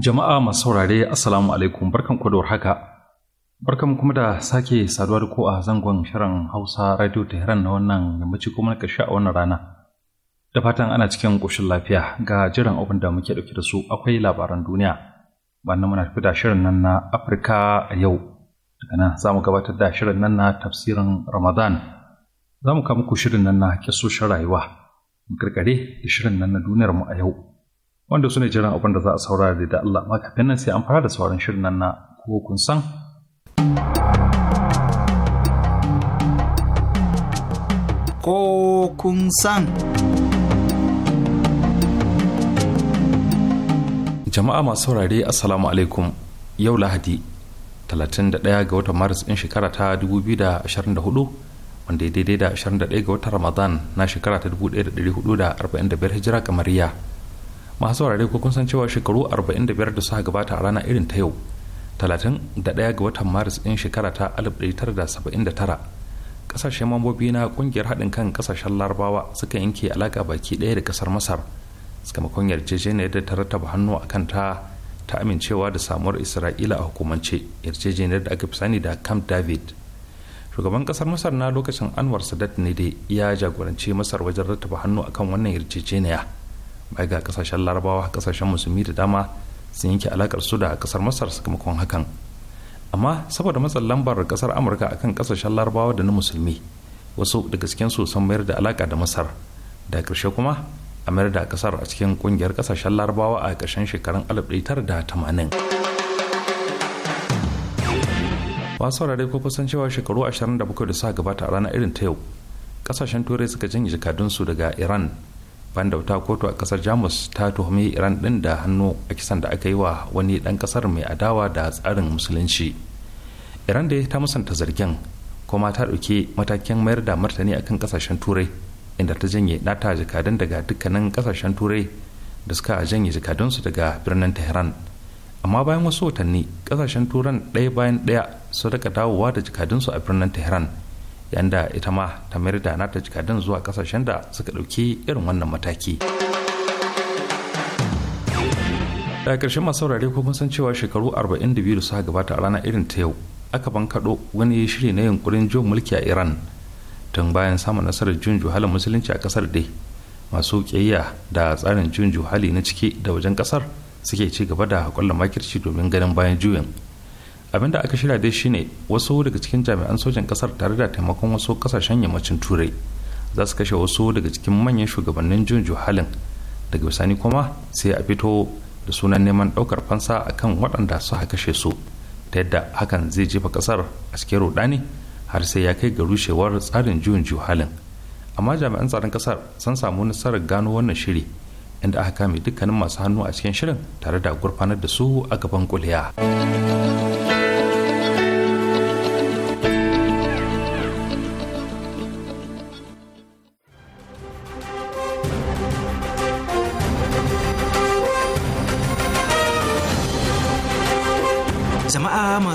Jama'a masu saurare Assalamu alaikum barkan ku da haka. Barkan kuma da sake saduwa da ko a zangon shirin Hausa Radio Tehran na wannan yammaci kuma na ƙarshe a wannan rana. Da fatan ana cikin ƙoshin lafiya ga jiran abin da muke ɗauke da su akwai labaran duniya. Bana muna tafi da shirin nan na Afirka a yau. Daga nan za mu gabatar da shirin nan na tafsirin Ramadan. Za mu kama muku shirin nan na kisoshin rayuwa. Mu karkare da shirin nan na duniyarmu a yau. wanda su ne jiran abin da za a saurara da Allah ma kafin nan sai an fara da sauran shirin nan na ko kun san. Ko kun san. Jama'a masu saurare Assalamu alaikum yau Lahadi 31 ga watan Maris ɗin shekara ta 2024 wanda ya daidai da 21 ga watan Ramadan na shekara ta 1445 Hijira kamariya. masu saurare ko kun san cewa shekaru 45 da suka gabata a rana irin ta yau 31 ga watan maris ɗin shekara ta 1979 kasashen mambobi na kungiyar haɗin kan kasashen larabawa suka yanke alaƙa baki ɗaya da ƙasar masar sakamakon yarjejeniyar da ta rattaba hannu a kan ta amincewa da samuwar isra'ila a hukumance yarjejeniyar da aka fi sani da camp david shugaban kasar masar na lokacin anwar sadat ne dai ya jagoranci masar wajen rattaba hannu akan wannan yarjejeniya bai ga kasashen larabawa kasashen musulmi da dama sun yanke alakar su da kasar masar sakamakon hakan amma saboda matsan lambar kasar amurka akan kasashen larabawa da na musulmi wasu daga su sun mayar da alaka da masar da karshe kuma a mayar da kasar a cikin kungiyar kasashen larabawa a ƙarshen shekarun 1980 masu saurari ko kusan cewa shekaru 27 da suka gabata a ranar irin ta yau kasashen turai suka janye jakadunsu daga iran bandauta kotu a kasar jamus ta tuhumi iran din da hannu a kisan da aka yi wa wani dan kasar mai adawa da tsarin musulunci iran da ta musanta zargin kuma ta ɗauki matakin mayar da martani akan kasashen turai inda ta janye nata jikadun daga dukkanin kasashen turai da suka janye jikadunsu daga birnin tehran amma bayan wasu watanni kasashen turan ɗaya bayan ɗaya su daga dawowa da jikadunsu a birnin tehran yanda ita ma ta mayar da nata jikadin zuwa kasashen da suka ɗauki irin wannan mataki daga ƙarshen masu saurare ko kun san cewa shekaru 42 da suka gabata a ranar irin ta yau aka bankaɗo wani shiri na yunkurin jin mulki a iran tun bayan samun nasarar jin juhalin musulunci a ƙasar dai masu ƙiyayya da tsarin jin juhali na ciki da wajen ƙasar suke ci gaba da haƙulla makirci domin ganin bayan juyin abinda aka shirya dai shine wasu daga cikin jami'an sojan kasar tare da taimakon wasu kasashen yammacin turai za su kashe wasu daga cikin manyan shugabannin jin halin daga bisani kuma sai a fito da sunan neman daukar fansa akan waɗanda su kashe su ta yadda hakan zai jefa kasar a cikin rudani har sai ya kai ga rushewar tsarin juyin halin amma jami'an tsaron kasar sun samu nasarar gano wannan shiri inda aka kame dukkanin masu hannu a cikin shirin tare da gurfanar da su a gaban kuliya.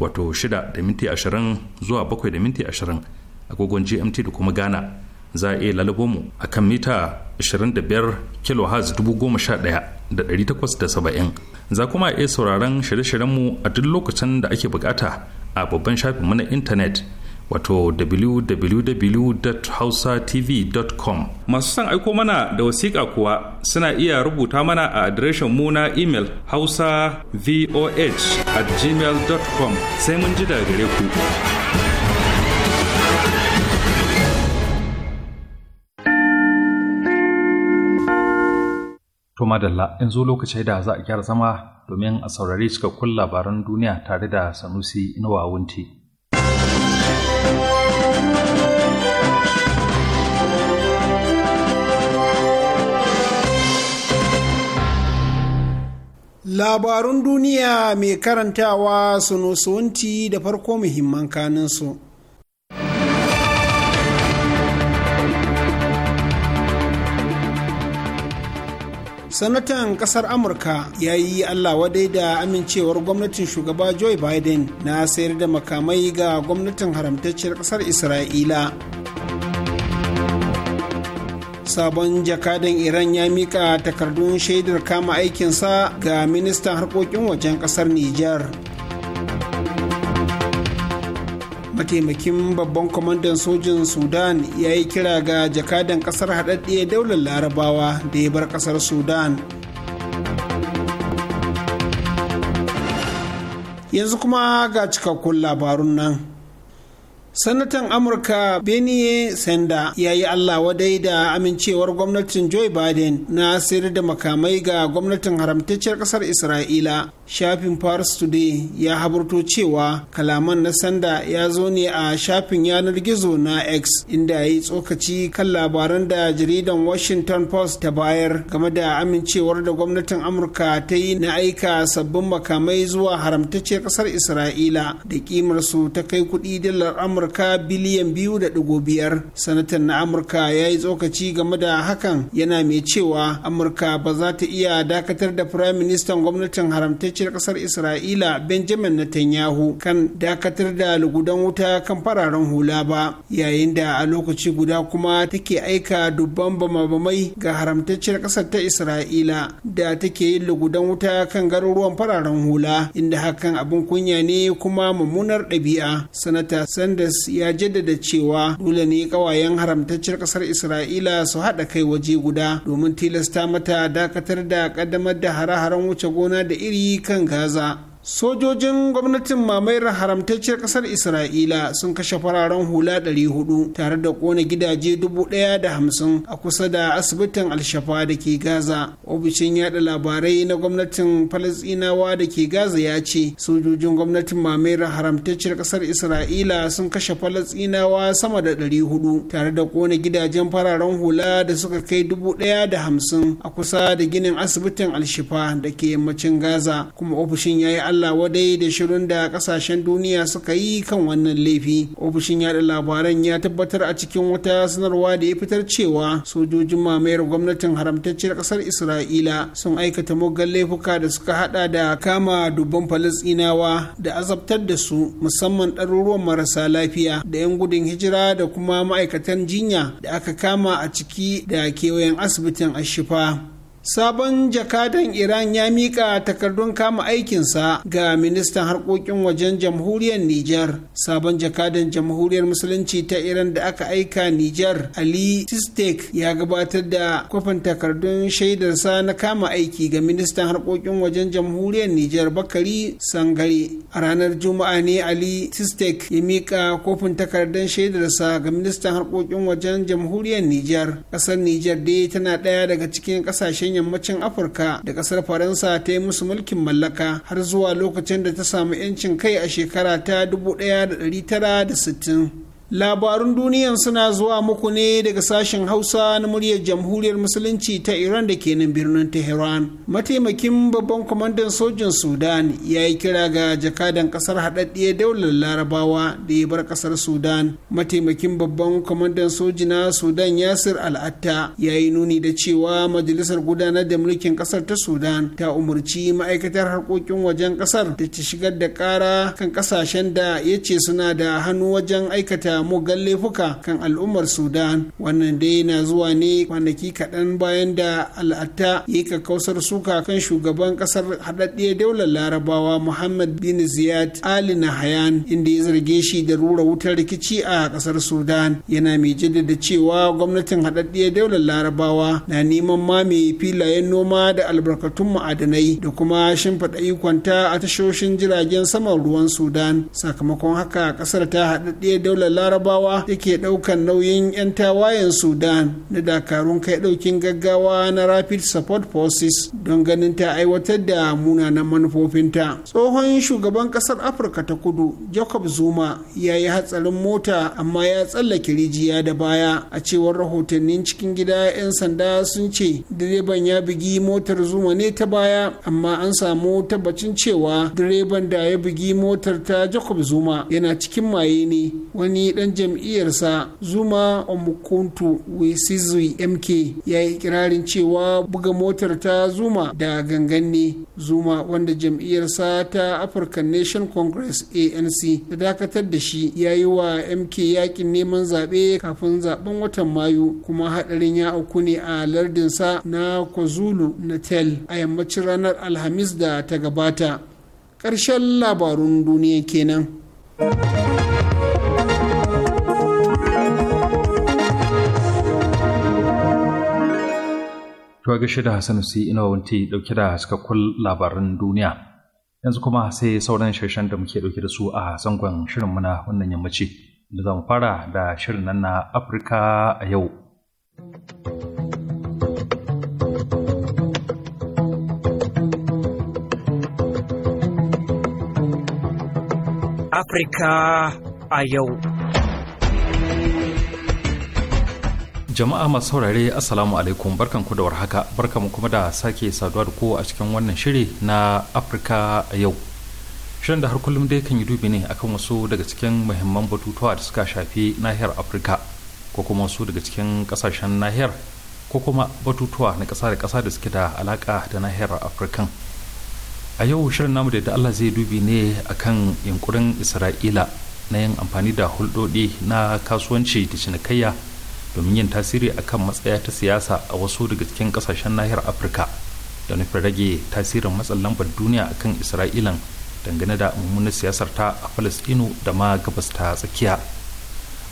wato 6 da minti 20 zuwa 7 da minti 20 agogon gmt da kuma ghana za a iya lalubo mu a kan mita 25 kilohertz 11870 za kuma a iya sauraron shirye-shiryen mu a duk lokacin da ake bukata a babban shafin mu na intanet wato www.hausatv.com masu son aiko mana da wasiƙa kuwa suna iya rubuta mana a adireshin mu na imel hausa voh at gmail.com sai mun ji daga gare ku. To madalla in zo lokaci da za a gyara zama domin a saurari cikakkun labaran duniya tare da Sanusi na Wunti. labarun duniya mai karantawa su sunusunti da farko muhimman kaninsu sanatan ƙasar amurka ya yi allah wadai da amincewar gwamnatin shugaba joe biden na sayar da makamai ga gwamnatin haramtacciyar ƙasar isra'ila sabon jakadan iran ya mika takardun shaidar kama aikinsa ga ministan harkokin wajen kasar nijar mataimakin babban kwamandan sojin sudan ya yi kira ga jakadan kasar haɗaɗɗe daular larabawa da ya bar kasar sudan yanzu kuma ga cikakkun labarun nan sanatan amurka benny sanda ya yi allah wadai da amincewar gwamnatin joe biden na sayar da makamai ga gwamnatin haramtacciyar kasar isra'ila shafin paris today ya haburto cewa kalaman na sanda ya zo ne a shafin yanar gizo na x inda ya yi tsokaci kan labaran da jaridan washington post ta bayar game da amincewar da gwamnatin amurka ta yi na aika sabbin makamai zuwa haramtacciyar kasar isra'ila da kimarsu ta kai kudi dalar amurka amurka biliyan biyu da ɗigo biyar sanatan na amurka ya yi tsokaci game da hakan yana mai cewa amurka ba za ta iya dakatar da firayim ministan gwamnatin haramtacciyar ƙasar isra'ila benjamin netanyahu kan dakatar da lugudan wuta kan fararen hula ba yayin da a lokaci guda kuma take aika dubban bama-bamai ga haramtacciyar ƙasar ta isra'ila da take yin lugudan wuta kan garuruwan fararen hula inda hakan abin kunya ne kuma mummunar ɗabi'a sanata sanders Guterres ya jaddada cewa dole ne kawayen haramtaccen kasar Isra'ila su haɗa kai waje guda domin tilasta mata dakatar da ƙaddamar da hare-haren wuce gona da iri kan Gaza. sojojin gwamnatin mamayar haramtacciyar kasar isra'ila sun kashe fararen hula 400 tare da kone gidaje 1,050 a kusa da asibitin alshafa da ke gaza ofishin yada labarai na gwamnatin falasinawa da ke gaza ya ce sojojin gwamnatin mamayar haramtacciyar kasar isra'ila sun kashe falasinawa sama da 400 tare da kone gidajen fararen hula da suka kai 1,050 a kusa da ginin asibitin alshifa da ke yammacin gaza kuma ofishin ya yi Allah wadai da shirin da kasashen duniya suka yi kan wannan laifi. Ofishin yada labaran ya tabbatar a cikin wata sanarwa da ya fitar cewa sojojin mamayar gwamnatin haramtacciyar kasar Isra'ila sun aikata muggan laifuka da suka hada da kama dubban Falasɗinawa da azabtar da su musamman ɗaruruwan marasa lafiya da 'yan gudun hijira da kuma ma'aikatan jinya da aka kama a ciki da kewayen asibitin ashifa. sabon jakadan iran ya mika takardun kama aikinsa ga ministan harkokin wajen jamhuriyar niger sabon jakadan jamhuriyar musulunci ta iran da aka aika niger ali sistek ya gabatar da kwafin takardun shaidarsa na kama aiki ga ministan harkokin wajen jamhuriyar niger bakari sangare a ranar juma'a ne ali sistek ya mika kofin takardun shaidarsa ga ministan harkokin wajen jamhuriyar niger ƙasar niger dai tana ɗaya daga cikin ƙasashen yammacin afirka da kasar faransa ta yi musu mulkin mallaka har zuwa lokacin da ta samu 'yancin kai a shekara ta 1960 labarun duniyan suna zuwa muku ne daga sashen hausa na muryar jamhuriyar musulunci ta iran da ke nan birnin tehran mataimakin babban kwamandan sojin sudan ya yi kira ga jakadan kasar haɗaɗɗiyar daular larabawa da ya bar kasar sudan mataimakin babban kwamandan soji na sudan yasir al'atta ya yi nuni da cewa majalisar gudanar da mulkin kasar ta sudan ta umarci ma'aikatar harkokin wajen kasar da ta shigar da kara kan kasashen da ya ce suna da hannu wajen aikata mu mugan laifuka kan al'ummar sudan wannan dai na zuwa ne kwanaki kaɗan bayan da al'atta ya kakkausar suka kan shugaban ƙasar haɗaɗɗiyar daular larabawa muhammad bin ziyad ali nahayan inda ya zarge shi da rura wutar rikici a ƙasar sudan yana mai jaddada cewa gwamnatin haɗaɗɗiyar daular larabawa na neman mame filayen noma da albarkatun ma'adanai da kuma shimfiɗa ikonta a tashoshin jiragen saman ruwan sudan sakamakon haka ƙasar ta haɗaɗɗiyar daular larabawa yake ɗaukan nauyin 'yan tawayen sudan na dakarun kai ɗaukin gaggawa na rapid support forces don ganin ta aiwatar da munanan manufofinta tsohon shugaban ƙasar afirka ta kudu jacob zuma ya yi hatsarin mota amma ya tsallake rijiya da baya a cewar rahotannin cikin gida 'yan sanda sun ce direban ya bugi motar zuma ne ta baya amma an samu tabbacin cewa direban da ya bugi motar ta jacob zuma yana cikin maye ne wani dan jam'iyyarsa zuma omukuntu wesizui mk ya yi kirarin cewa buga motar ta zuma da gangan ne zuma wanda jam'iyyarsa ta african nation congress anc ta dakatar da shi ya yi wa mk yakin neman zaɓe kafin zaben watan mayu kuma hadarin ya auku ne a lardinsa na kwazulu natal a yammacin ranar alhamis da ta gabata karshen labarun duniya kenan. To gaishe da Hassan Si ina e wanti dauke da haskakkun labaran duniya. Yanzu kuma sai sauran shirshen da muke dauke da su a zangon shirin muna wannan yammaci. Da za fara da shirin nan na Afirka a yau. Afirka a yau. jama'a masu saurare assalamu alaikum barkan ku da warhaka barkan mu kuma da sake saduwa da ku a cikin wannan shiri na afirka a yau shirin da har kullum dai kan yi dubi ne akan wasu daga cikin muhimman batutuwa da suka shafi nahiyar afirka ko kuma wasu daga cikin kasashen nahiyar ko kuma batutuwa na kasa da kasa da suke da alaka da nahiyar afirkan a yau shirin namu da allah zai dubi ne akan yunkurin isra'ila na yin amfani da hulɗoɗi na kasuwanci da cinikayya domin yin tasiri akan matsaya ta siyasa a wasu daga cikin kasashen nahiyar afirka da nufin rage tasirin matsin lambar duniya akan isra'ilan dangane da mummunar siyasar ta a falastinu da ma gabas ta tsakiya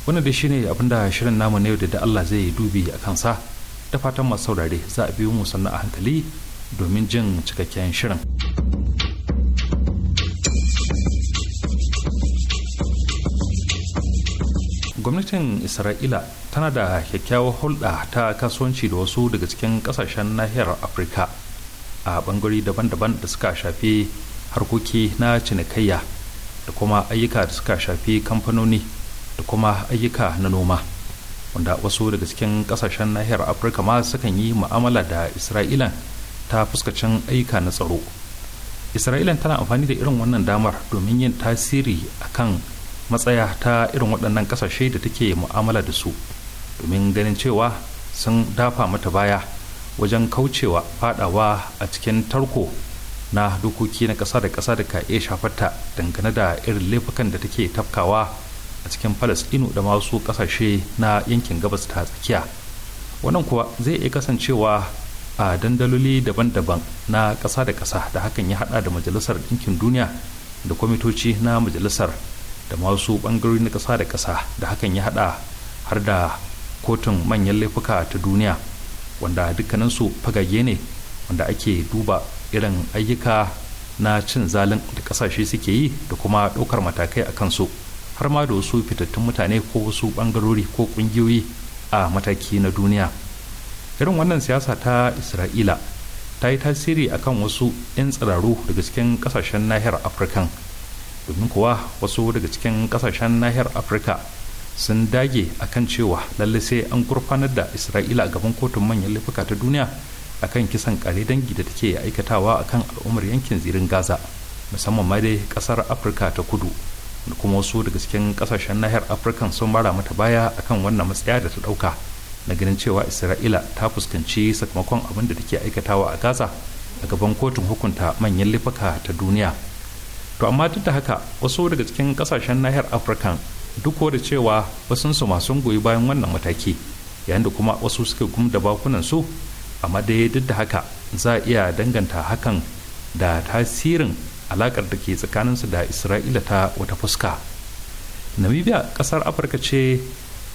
wannan dai shine abinda shirin namu na yau da allah zai dubi a kansa da fatan masu saurare za a biyo mu sannan a hankali domin jin cikakken shirin. gwamnatin isra'ila tana da kyakkyawar hulɗa ta kasuwanci da wasu daga cikin kasashen nahiyar afirka a bangare daban-daban da suka shafi harkoki na cinikayya da kuma ayyuka da suka shafi kamfanoni da kuma ayyuka na noma wanda wasu daga cikin kasashen nahiyar afirka ma sukan yi mu'amala da isra'ilan ta fuskacin ayyuka na tsaro isra'ilan tana amfani da irin wannan damar domin yin tasiri akan matsaya ta irin waɗannan ƙasashe da take mu'amala da su domin ganin cewa sun dafa mata baya wajen kaucewa fadawa a cikin tarko na dokoki na ƙasa da ƙasa da ka iya shafarta dangane da irin laifukan da take tafkawa a cikin falasɗinu da masu ƙasashe na yankin gabas ta tsakiya wannan kuwa zai iya kasancewa a dandaloli daban-daban na ƙasa da ƙasa da hakan ya haɗa da majalisar ɗinkin duniya da kwamitoci na majalisar da masu bangarori na ƙasa da ƙasa da hakan ya hada har da kotun manyan laifuka ta duniya wanda dukkaninsu fagage ne wanda ake duba irin ayyuka na cin zalin da ƙasashe suke yi da kuma ɗaukar matakai a kansu har ma da wasu fitattun mutane ko wasu bangarori ko ƙungiyoyi a mataki na duniya irin wannan siyasa ta isra'ila ta yi tasiri a kan wasu 'yan tsiraru daga cikin ƙasashen nahiyar afirkan domin kuwa wasu daga cikin kasashen nahiyar afirka sun dage a kan cewa lalle sai an gurfanar da isra'ila a gaban kotun manyan laifuka ta duniya a kan kisan kare dangi da take aikatawa a kan al'ummar yankin zirin gaza musamman ma dai kasar afirka ta kudu da kuma wasu daga cikin kasashen nahiyar afirka sun mara mata baya a kan wannan matsaya da ta dauka na ganin cewa isra'ila ta fuskanci sakamakon abin da take aikatawa a gaza a gaban kotun hukunta manyan laifuka ta duniya to amma duk da haka wasu daga cikin kasashen nahiyar afirka duk da cewa wasunsu masu goyi bayan wannan mataki yayin da kuma wasu suka da bakunan su amma dai duk da haka za a iya danganta hakan da tasirin alakar da ke tsakaninsu da isra'ila ta wata fuska namibia kasar afirka ce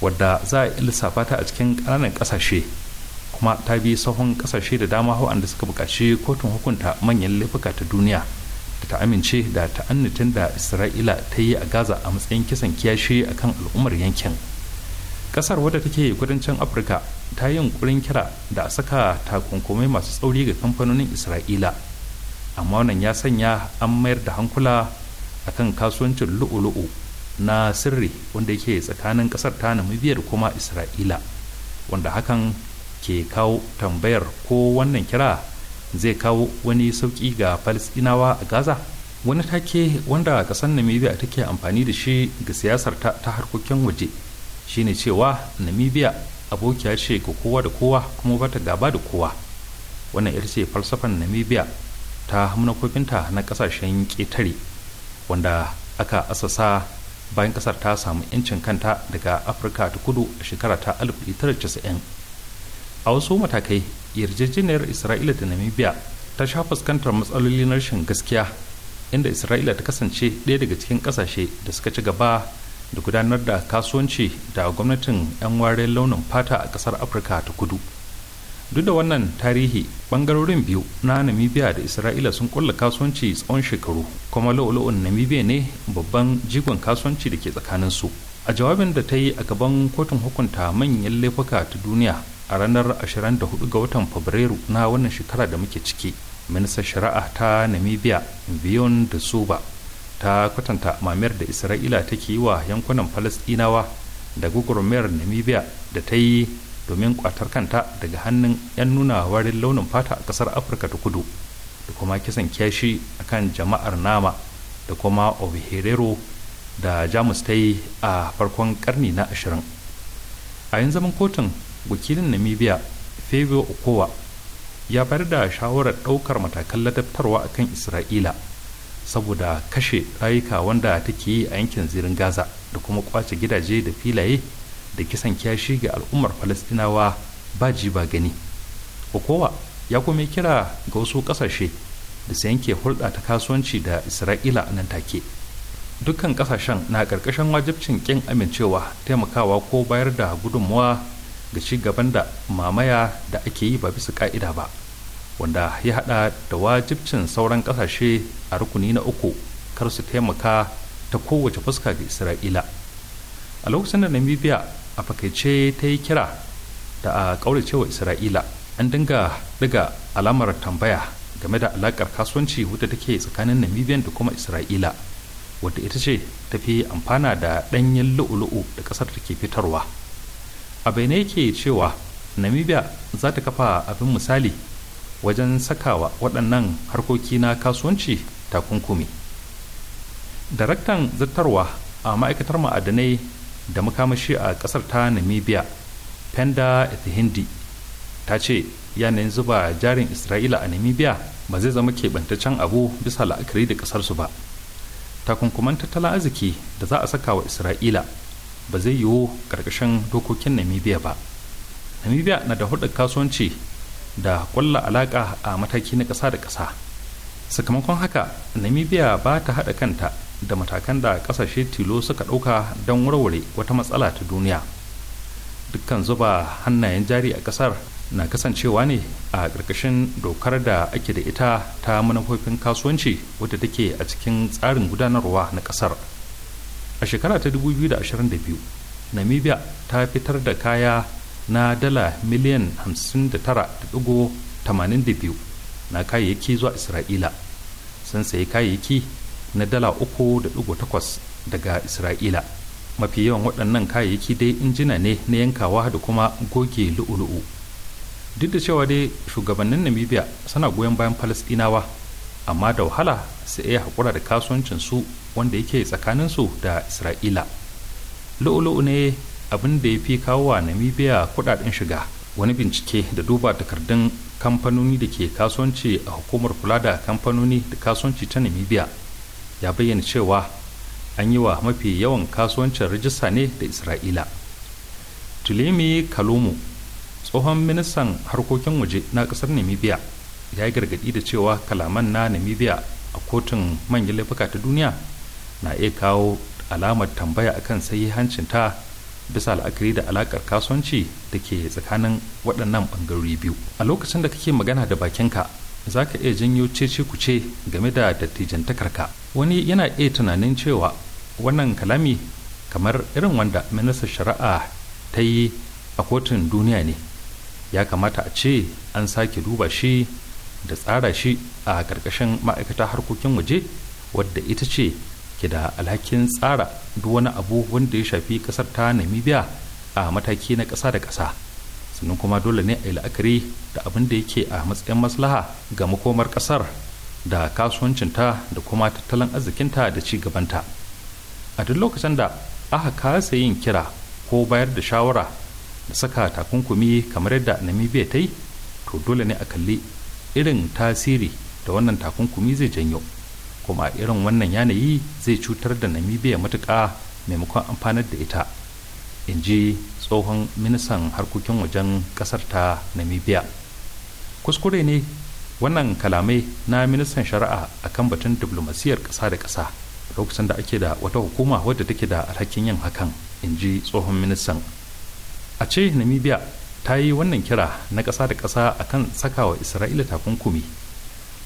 wadda za a lissafa ta a cikin ƙananan ƙasashe kuma ta bi sahun ƙasashe da dama waɗanda suka buƙaci kotun hukunta manyan laifuka ta duniya ta amince da ta'annitin da isra'ila ta yi a gaza a matsayin kisan kiyashe a kan al'ummar yankin kasar wadda take kudancin afirka ta yi yunkurin kira da a saka takunkumai masu tsauri ga kamfanonin isra'ila amma wannan ya sanya an mayar da hankula a kan kasuwancin lu'u-lu'u na sirri wanda yake tsakanin kasar ta namibiyar kuma isra'ila wanda hakan ke kawo tambayar ko wannan kira zai kawo wani sauƙi ga falasɗinawa a gaza wani take wanda ƙasar namibia take amfani da shi ga siyasar ta, ta harkokin waje shine cewa namibia abokiya ce ga kowa da kowa kuma ba ta gaba da kowa wannan ita ce falsafan namibia ta hamnakofinta na ƙasashen ƙetare wanda aka asasa bayan ƙasar ta samu 'yancin kanta daga afirka ta kudu a shekara ta 1990 a wasu matakai yarjejeniyar isra'ila da namibia ta sha fuskantar matsaloli rashin gaskiya inda isra'ila ta kasance ɗaya daga cikin ƙasashe da suka ci gaba da gudanar da kasuwanci da gwamnatin 'yan ware launin fata a ƙasar afirka ta kudu duk da wannan tarihi ɓangarorin biyu na namibia da isra'ila sun kulla kasuwanci tsawon shekaru kuma lo'olo'on namibia ne babban jigon kasuwanci da ke tsakaninsu a jawabin da ta yi a gaban kotun hukunta manyan laifuka ta duniya a ranar 24 ga watan fabrairu na wannan shekara da muke ciki ministan shari'a ta namibia biyon da suba ta kwatanta mamayar da isra'ila take yi wa yankunan falasdinawa da gugurmayar namibia da ta yi domin kwatar kanta daga hannun 'yan nuna warin launin fata a kasar afirka ta kudu da kuma kisan kyashi kan jama'ar nama da kuma obiherero da jamus ta yi a farkon karni na ashirin a yin zaman kotun wakilin namibia fabio okowa ya bayar da shawarar daukar matakan ladabtarwa akan isra'ila saboda kashe rayuka wanda take yi a yankin zirin gaza da kuma kwace gidaje da filaye da kisan kyashi ga al'ummar falastinawa ba ji ba gani okowa ya kuma kira ga wasu kasashe da su yanke hulɗa ta kasuwanci da isra'ila a nan take dukkan kasashen na ƙarƙashin wajibcin ƙin amincewa taimakawa ko bayar da gudunmawa ga ci gaban da mamaya da ake yi ba bisa ka'ida ba wanda ya hada da wajibcin sauran kasashe a rukuni na uku kar su taimaka ta kowace fuska ga isra'ila a lokacin da namibia a fakaice ta yi kira da a kauracewa isra'ila an dinga daga alamar tambaya game da alakar kasuwanci wadda take tsakanin namibian da kuma isra'ila wadda ita ce tafi amfana da danyen luu da ƙasar da ke fitarwa abai ne ke cewa namibia za ta kafa abin misali wajen sakawa waɗannan harkoki na kasuwanci takunkumi daraktan zartarwa a ma'aikatar ma'adanai da makamashi a ƙasar ta namibia penda ethihindi ta ce yanayin zuba jarin isra'ila a namibia ba zai zama keɓantaccen abu bisa la'akari da ƙasarsu ba takunkuman tattalin arziki da za a saka wa isra'ila ba zai yiwu karkashin dokokin namibia ba namibia na da hudu kasuwanci da kwalla alaƙa a mataki na ƙasa da ƙasa sakamakon haka namibia ba ta haɗa kanta da matakan da ƙasashe tilo suka ɗauka don warware wata matsala ta duniya dukkan zuba hannayen jari a ƙasar na kasancewa ne a ƙarƙashin dokar da ake da ita ta manufofin kasuwanci wadda take a cikin tsarin gudanarwa na ƙasar. a shekara ta 2022 namibia ta fitar da kaya na dala miliyan 59.82 na kayayyaki zuwa isra'ila sun sayi kayayyaki na dala 3.8 daga isra'ila mafi yawan waɗannan kayayyaki dai injina ne na yankawa da kuma goge lu'ulu'u duk da cewa dai shugabannin namibia suna goyon bayan falasɗinawa amma da wahala su iya haƙura da kasuwancinsu. wanda yake tsakaninsu da isra'ila lu'ulu'u ne abin da ya fi kawo wa namibia kudaden shiga wani bincike da duba takardun kamfanoni da ke kasuwanci a hukumar kula da kamfanoni da kasuwanci ta namibia ya bayyana cewa an yi wa mafi yawan kasuwancin rijista ne da isra'ila tulemi kalomu tsohon ministan harkokin waje na kasar namibia ya yi gargadi da cewa kalaman na namibia a kotun manyan laifuka ta duniya na iya kawo alamar tambaya akan hancin ta bisa la'akari da alakar kasuwanci da ke tsakanin waɗannan ɓangarori biyu a lokacin da kake magana da bakinka za ka iya janyo cece kuce game da dattijan takarka. wani yana iya tunanin cewa wannan kalami kamar irin wanda minisar shari'a ta yi a kotun duniya ne ya kamata a ce an sake duba shi da tsara shi a ƙarƙashin ma'aikata harkokin waje wadda ita ce ke da alhakin tsara duk wani abu wanda ya shafi kasar ta namibia a mataki na ƙasa da ƙasa sannan kuma dole ne a yi la'akari da abin da yake a matsayin maslaha ga makomar ƙasar da kasuwancinta da kuma tattalin arzikinta da ci gabanta a duk lokacin da aka kasa yin kira ko bayar da shawara da saka takunkumi kamar yadda namibia ta yi to dole ne a kalli irin tasiri da wannan takunkumi zai janyo kuma irin wannan yanayi zai cutar da namibia matuƙa maimakon amfanar da ita in ji tsohon ministan harkokin wajen ƙasar ta namibia kuskure ne wannan kalamai na ministan shari'a akan batun diplomasiyar ƙasa da ƙasa lokacin da ake da wata hukuma wadda take da alhakin yin hakan in ji tsohon ministan a ce namibia ta yi wannan kira na ƙasa da ƙasa akan sakawa isra'ila takunkumi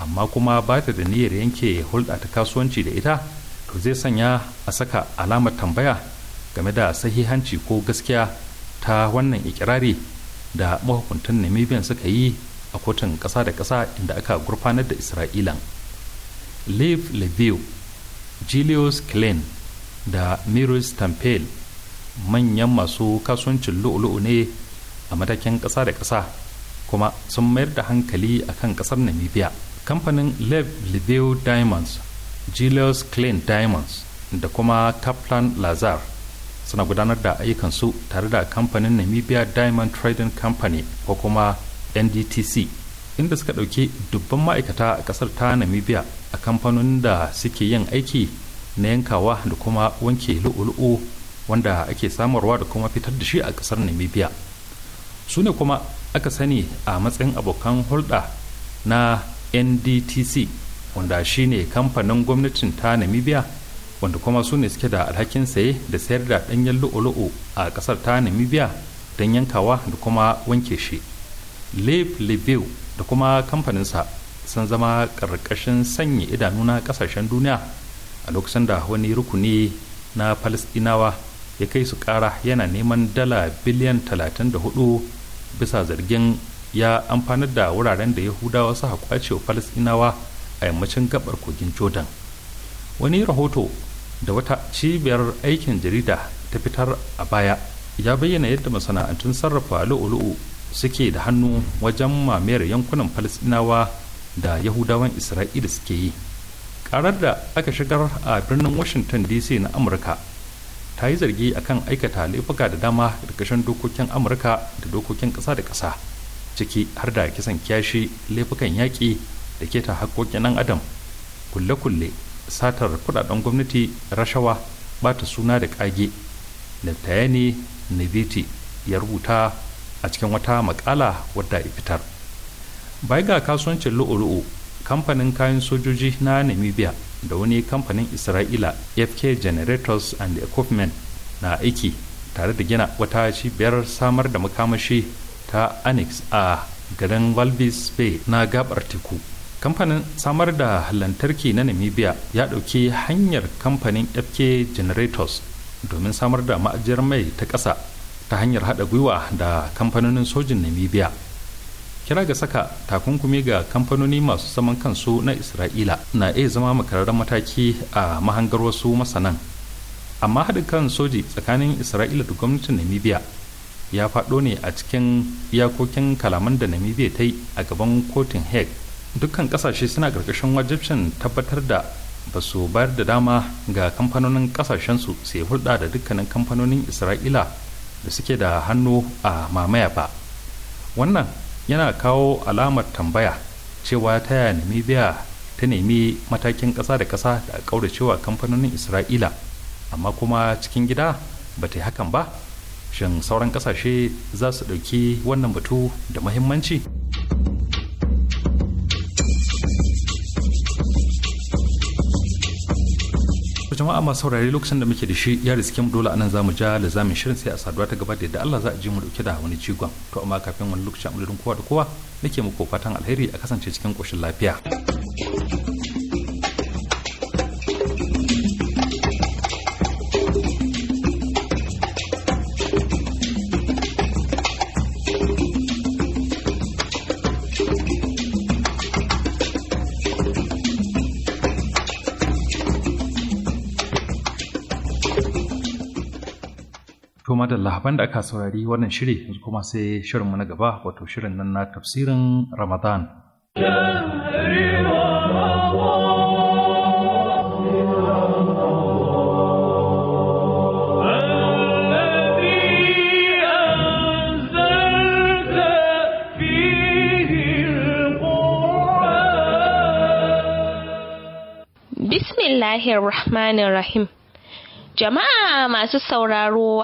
amma kuma ba ta da niyyar yanke hulɗa ta kasuwanci da ita to zai sanya a saka alamar tambaya game da sahihanci ko gaskiya ta wannan ikirari da mahukuntan namibian suka yi a kotun ƙasa da ƙasa inda aka gurfanar da isra'ilan liv leviu julius klein da miros tampel manyan masu kasuwancin lu'ulu'u ne a matakin ƙasa da ƙasa kuma sun mayar da hankali a kan ƙasar namibia kamfanin lev libeu diamonds julius klein diamonds da kuma kaplan lazar suna gudanar da ayyukansu tare da kamfanin namibia diamond trading company ko kuma ndtc inda suka dauki dubban ma'aikata a kasar ta namibia a kamfanonin da suke yin aiki na yankawa da kuma wanke lu'ulu'u wanda ake samarwa da kuma fitar da shi a kasar namibia su ne kuma aka sani a matsayin abokan hulɗa na ndtc wanda shine kamfanin gwamnatin ta namibia wanda kuma su ne suke da alhakin saye da sayar da ɗanyen lu'ulu'u a ƙasar ta namibia don yankawa da kuma wanke shi lev leveu da kuma kamfaninsa sun zama ƙarƙashin sanya idanu na ƙasashen duniya a lokacin da wani rukuni na palestinawa ya kai su ƙara yana neman dala biliyan 34 bisa zargin ya amfanar da wuraren da yahudawa suka kwace falasinawa a yammacin gabar kogin jordan wani rahoto da wata cibiyar aikin jarida ta fitar a baya ya bayyana yadda masana'antun sarrafa lu'ulu'u suke da hannu wajen mamayar yankunan falasinawa da yahudawan isra'ila suke yi karar da aka shigar a birnin washington dc na amurka ta yi zargi akan aikata laifuka da dama ƙarƙashin dokokin amurka da dokokin kasa da kasa ciki har da kisan kyashi laifukan yaƙi da keta haƙƙoƙin ɗan adam kulle-kulle satar kudaden gwamnati rashawa ba ta suna da ƙage ne niviti ya rubuta a cikin wata makala wadda ya fitar bai ga kasuwancin lu'u-lu'u kamfanin kayan sojoji na namibia da wani kamfanin isra'ila fk generators and equipment na aiki tare da gina wata cibiyar samar da makamashi ta annex a garin walvis bay na gabar teku kamfanin samar da lantarki na namibia ya ɗauki hanyar kamfanin fk generators domin samar da ma'ajiyar mai ta ƙasa ta hanyar haɗa gwiwa da kamfanonin sojin namibia kira ga saka takunkumi ga kamfanoni masu zaman kansu na isra'ila na iya zama makararren mataki a mahangar wasu masanan amma haɗin kan soji tsakanin isra'ila da gwamnatin namibia ya faɗo ne a cikin iyakokin kalaman da namibia ta yi a gaban kotun hague dukkan kasashe suna ƙarƙashin wajibcin tabbatar da ba su bayar da dama ga kamfanonin kasashensu su yi hulɗa da dukkanin kamfanonin isra'ila da suke da hannu a mamaya ba wannan yana kawo alamar tambaya cewa ta yaya namibia ta nemi matakin ƙasa da ƙasa da ƙauracewa kamfanonin isra'ila amma kuma cikin gida ba ta yi hakan ba shin sauran kasashe za su ɗauki wannan batu da mahimmanci jama'a masu saurari lokacin da muke da shi ya riskin dole anan za mu ja da zamin shirin sai a saduwa ta gaba da yadda Allah za a ji mu dauke da wani jigon to amma kafin wani lokacin amurin kowa da kowa nake muku fatan alheri a kasance cikin koshin lafiya. da lahaban da aka saurari wannan shiri yanzu kuma sai shirinmu na gaba wato shirin nan na tafsirin Ramadan. Bismillahirrahmanirrahim. Jama'a masu sauraro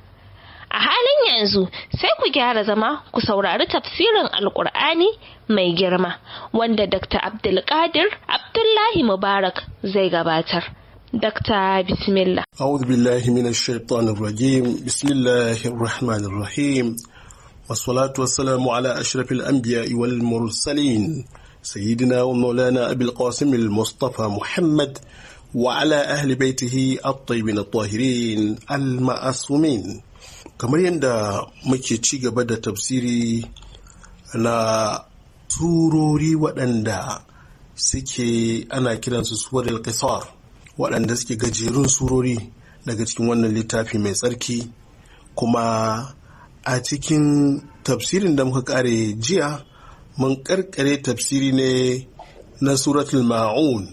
a halin yanzu sai ku gyara zama ku saurari tafsirin alkur'ani mai girma wanda dr abdulkadir abdullahi mubarak zai gabatar dr bismillah a'udhu billahi minash shaitanir rajim bismillahir rahmanir rahim wassalatu wassalamu ala ashrafil anbiya wal mursalin sayyidina wa maulana abul qasim al muhammad wa ala ahli baitihi at-tayyibin at-tahirin al ma'sumin kamar yadda muke ci gaba da tafsiri na surori waɗanda suke ana kiransu suwar qisar waɗanda suke gajerun surori daga cikin wannan littafi mai tsarki kuma a cikin tafsirin da muka kare jiya mun karkare tafsiri ne na suratul ma'un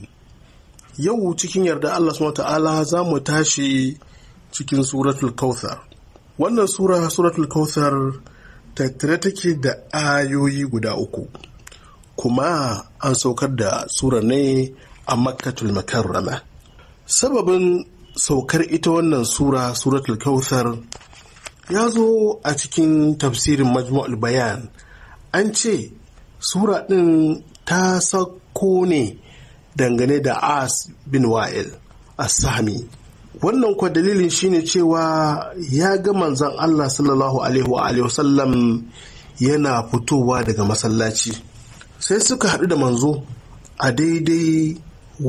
yau cikin yarda Allah subhanahu ta'ala za mu tashi cikin suratul kautsar wannan sura suratul kautsar tattare take da ayoyi guda uku kuma an saukar da sura ne a makkatul makarrama sababin saukar ita wannan sura suratul kawthar ya zo a cikin tafsirin majmu'ul bayan an ce sura ɗin ta sako ne dangane da as bin wa'il as-sahmi wannan kwa dalilin shine cewa ya ga manzan Allah sallallahu alaihi wa sallam yana fitowa daga masallaci sai suka haɗu da manzo a daidai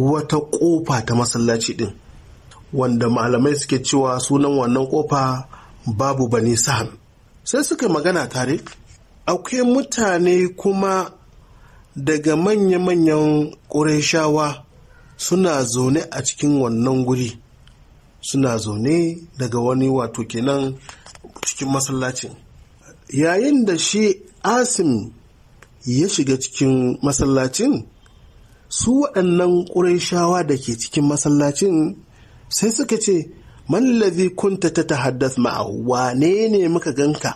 wata ƙofa ta masallaci ɗin wanda malamai suke cewa sunan wannan ƙofa babu bani sahan sai suka magana tare akwai mutane kuma daga manya-manyan ƙurashawa suna zaune a cikin wannan guri suna zaune daga wani wato kenan cikin masallacin yayin da shi asim ya shiga cikin masallacin su waɗannan ƙurayshawa da ke cikin masallacin sai suka ce mallazi kunta ta tahaddas ma'ahu wane ne muka ganka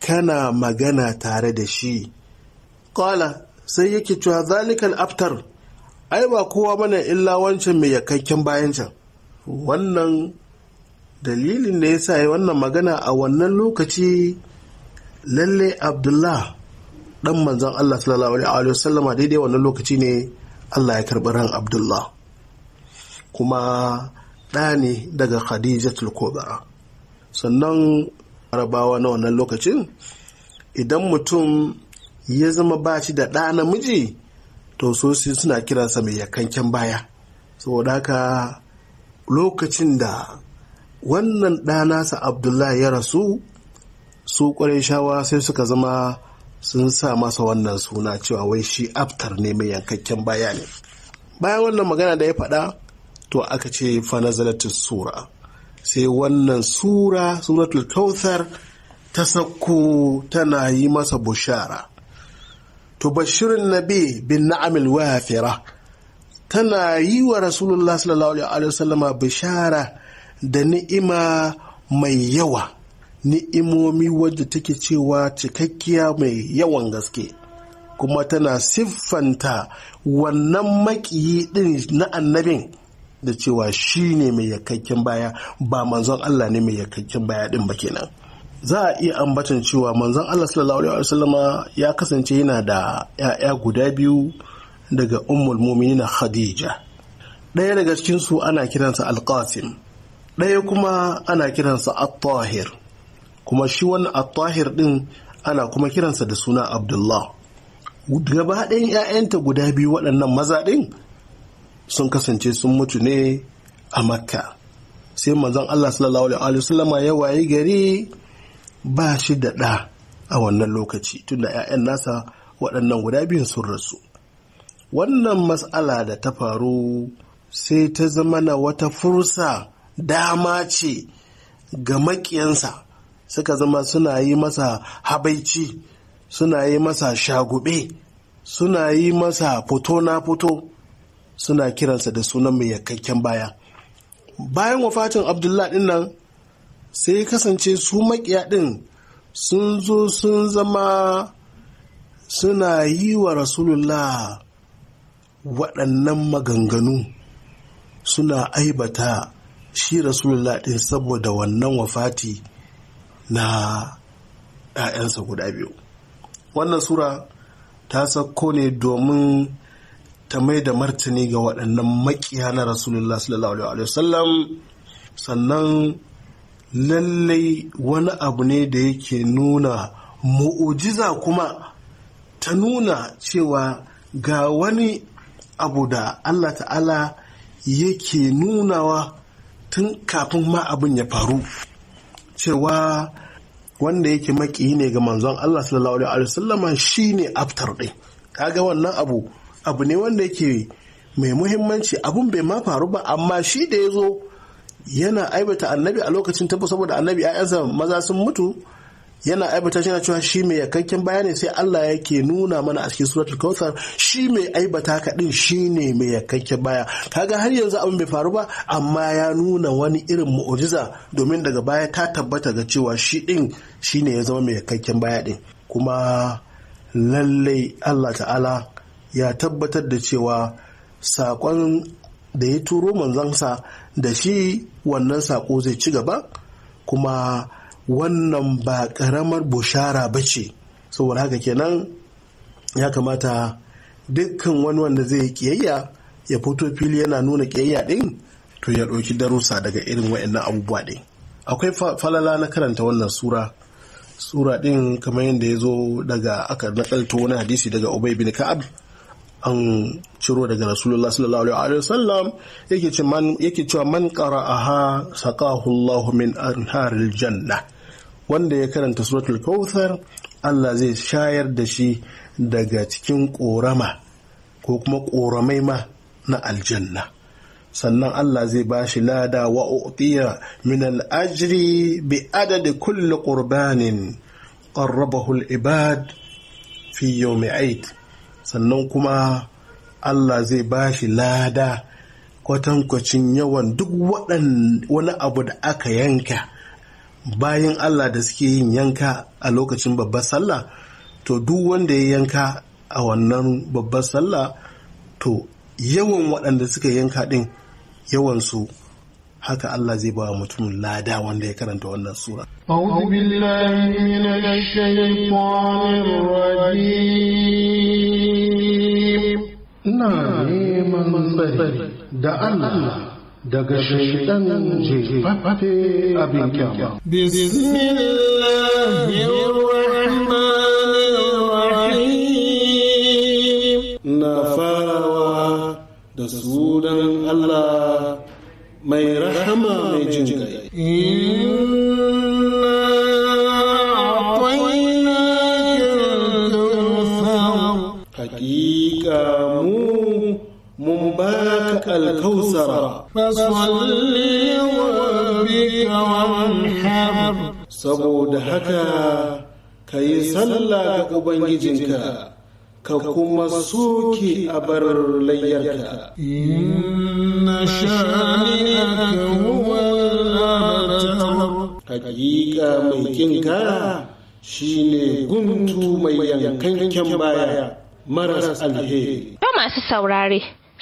kana magana tare da shi ƙwala sai yake cewa zalikal aftar ai ba kowa mana illa wancan mai yakakken bayan can wannan dalilin da ya sa yi wannan magana a wannan lokaci lalle abdullah dan manzon allah sallallahu alaihi wasallama daidai wannan lokaci ne allah ya karɓi ran abdullah kuma ɗa ne daga khadijatul kubra sannan rabawa na wannan lokacin idan mutum ya zama ba shi da ɗa namiji to sosai suna kiransa mai yakanken baya saboda haka lokacin da wannan ɗanasa abdullahi ya rasu su ƙwarai shawa sai suka zama sun sa masa wannan suna cewa wai shi aftar ne mai yankakken baya ne bayan wannan magana da ya faɗa to aka ce fanazalatin sura sai wannan sura suratul kautar ta sakko tana yi masa bushara to bashirin nabi bin na'amil wafira tana yi wa rasulullah sallallahu alaihi wasallama bishara da ni'ima mai yawa ni'imomi wadda take cewa cikakkiya mai yawan gaske kuma tana siffanta wannan makiyi din na annabin da cewa shi ne mai yakakken baya ba manzon Allah ne mai yakakken baya din ba kenan za a iya ambatan cewa manzon Allah sallallahu alaihi wasallama ya kasance yana da 'ya'ya guda biyu daga ummul muminina khadija ɗaya daga cikinsu ana kiransa alƙasim ɗaya kuma ana kiransa at-tahir kuma shi wani at-tahir ɗin ana kuma kiransa da suna abdullah gaba ɗayan 'ya'yanta guda biyu waɗannan maza ɗin sun kasance sun mutu ne a makka sai manzon allah sallallahu alaihi wasallama ya wayi gari ba shi da ɗa a wannan lokaci tunda 'ya'yan nasa waɗannan guda biyun sun rasu wannan matsala da ta faru sai ta zama na wata fursa dama ce ga makiyansa suka zama suna yi masa habaici suna yi masa shagube suna yi masa fito na fito suna kiransa da sunan mai yakkakken baya bayan wafatin abdullah din nan sai kasance su makiya din sun zo sun zama suna yi wa rasulullah waɗannan maganganu suna aibata shi rasulullah ɗin saboda wannan wafati na ‘ya'yansa guda biyu wannan sura ta sauko ne domin ta mai da martani ga waɗannan maƙiya na rasulullah sallallahu alaihi wasallam sannan lallai wani abu ne da yake nuna mu'ujiza kuma ta nuna cewa ga wani abu da Allah ta'ala yake nunawa tun kafin ma abin ya faru cewa wanda yake maki ne ga manzon Allah sallallahu alaihi wasallama shine aftar din kaga wannan abu abu ne wanda yake mai muhimmanci abun bai ma faru ba amma shi da ya zo yana aibata annabi a lokacin tabbas saboda annabi 'ya'yansa maza sun mutu yana aibata shi yana cewa shi mai yakakken bayani sai Allah yake nuna mana a cikin suratul kautsar shi mai aibata ka din shine mai yakakken baya kaga har yanzu abin bai faru ba amma ya nuna wani irin mu'ujiza domin daga baya ta tabbata ga cewa shi din shine ya zama mai yakakken baya din kuma lallai Allah ta'ala ya tabbatar da cewa sakon da ya turo manzansa da shi wannan sako zai ci gaba kuma wannan ba karamar bushara ba ce saboda haka kenan ya kamata dukkan wani wanda zai yi kiyayya ya fito fili yana nuna ƙiyayya ɗin to ya ɗauki darussa daga irin waɗannan abubuwa ɗin akwai falala na karanta wannan sura sura ɗin kamar yadda ya zo daga aka nakalto wani hadisi daga ubay bin ka'ab an ciro daga rasulullah sallallahu alaihi sallam yake cewa man qara'aha saqahu Allahu min anharil janna wanda ya karanta suratul kautsar Allah zai shayar da shi daga cikin ƙorama ko kuma ƙoramai ma na aljanna sannan Allah zai ba shi lada wa u'tiya min al-ajri bi adadi kulli qurbanin qarrabahu al-ibad fi yawmi Eid sannan kuma Allah zai ba shi lada kwatankwacin yawan duk wani abu da aka yanka bayan Allah da suke yin yanka a lokacin babbar sallah to duk wanda ya yanka a wannan babbar sallah to yawan waɗanda suka yanka ɗin yawansu haka Allah zai bawa mutumin lada wanda ya karanta wannan sura. Ina neman bari da Allah daga shaitan jefafe abin kyawa. Na farawa da sunan Allah mai rahama mai jin الكوثر فصل لربك وانحر saboda haka ka yi sallah ga ubangijinka ka kuma soke a bar layyarka inna shani'aka huwa hakika mai kinka shine guntu mai yankanken baya maras alheri ba masu saurare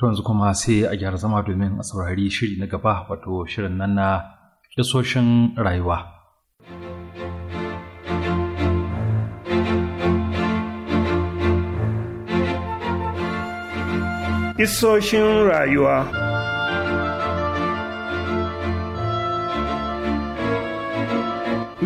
To yanzu kuma sai a gyara zama domin a saurari shiri na gaba wato shirin nan na kisoshin rayuwa. Kisoshin rayuwa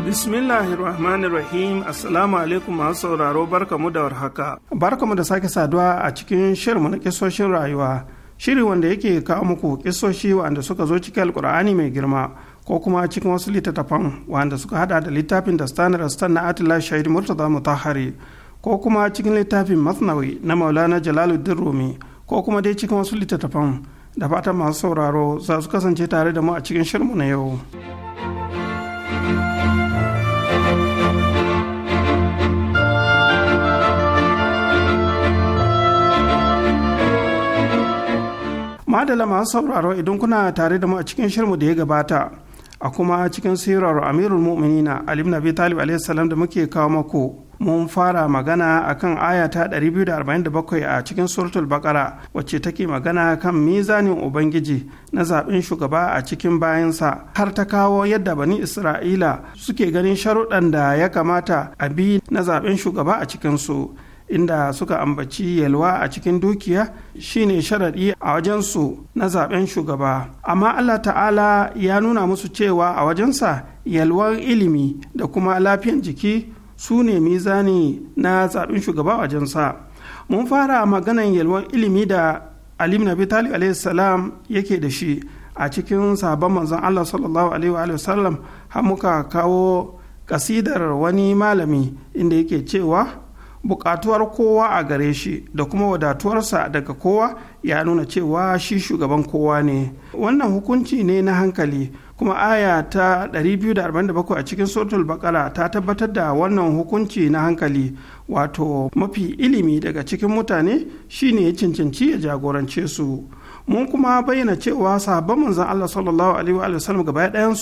Bismillahirrahmanirrahim Assalamu alaikum masu sauraro barkamu da warhaka. Barkamu da sake saduwa a cikin shirinmu na kisoshin rayuwa. Shiri wanda yake kawo muku kisoshi wanda suka zo cikin alkur'ani mai girma ko kuma cikin wasu littattafan wanda suka hada da littafin da stanar stan na Atila Shahid Murtaza Mutahari ko kuma cikin littafin Masnawi na Maulana Jalaluddin Rumi ko kuma dai cikin wasu littattafan da fatan masu sauraro za su kasance tare da mu a cikin shirinmu na yau. madala masu sauraro idan kuna tare da mu a cikin shirmu da ya gabata a kuma cikin sirar amirul mu'minina ali ibn talib da muke kawo mako mun fara magana akan aya ta 247 a cikin suratul bakara wacce take magana kan mizanin ubangiji na zaɓen shugaba a cikin bayansa har ta kawo yadda bani isra'ila suke ganin sharuɗan da ya kamata a bi na zaɓen shugaba a cikinsu inda suka ambaci yalwa a cikin dukiya shine sharaɗi a wajensu na zaben shugaba amma allah ta'ala ya nuna musu cewa a wajensa yalwar ilimi da kuma lafiyan jiki su ne mizani na zaben shugaba a wajensa mun fara maganan yalwar ilimi da alim nabi talib salam yake da shi a cikin sabon manzon allah sallallahu alaihi wa har muka kawo kasidar wani malami inda yake cewa bukatuwar kowa a gare shi da kuma wadatuwarsa daga kowa ya nuna cewa shi shugaban kowa ne wannan hukunci ne na hankali kuma aya ta 247 a cikin suratul bakala ta tabbatar da wannan hukunci na hankali wato mafi ilimi daga cikin mutane shine ya cancanci ya jagorance su mun kuma bayyana cewa sabon manzon Allah sallallahu alaihi wa sallam gaba ɗayan